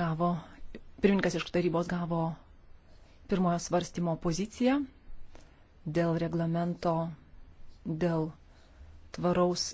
gavo, pirmininkas iš tarybos gavo pirmojo svarstymo poziciją dėl reglamento, dėl tvaraus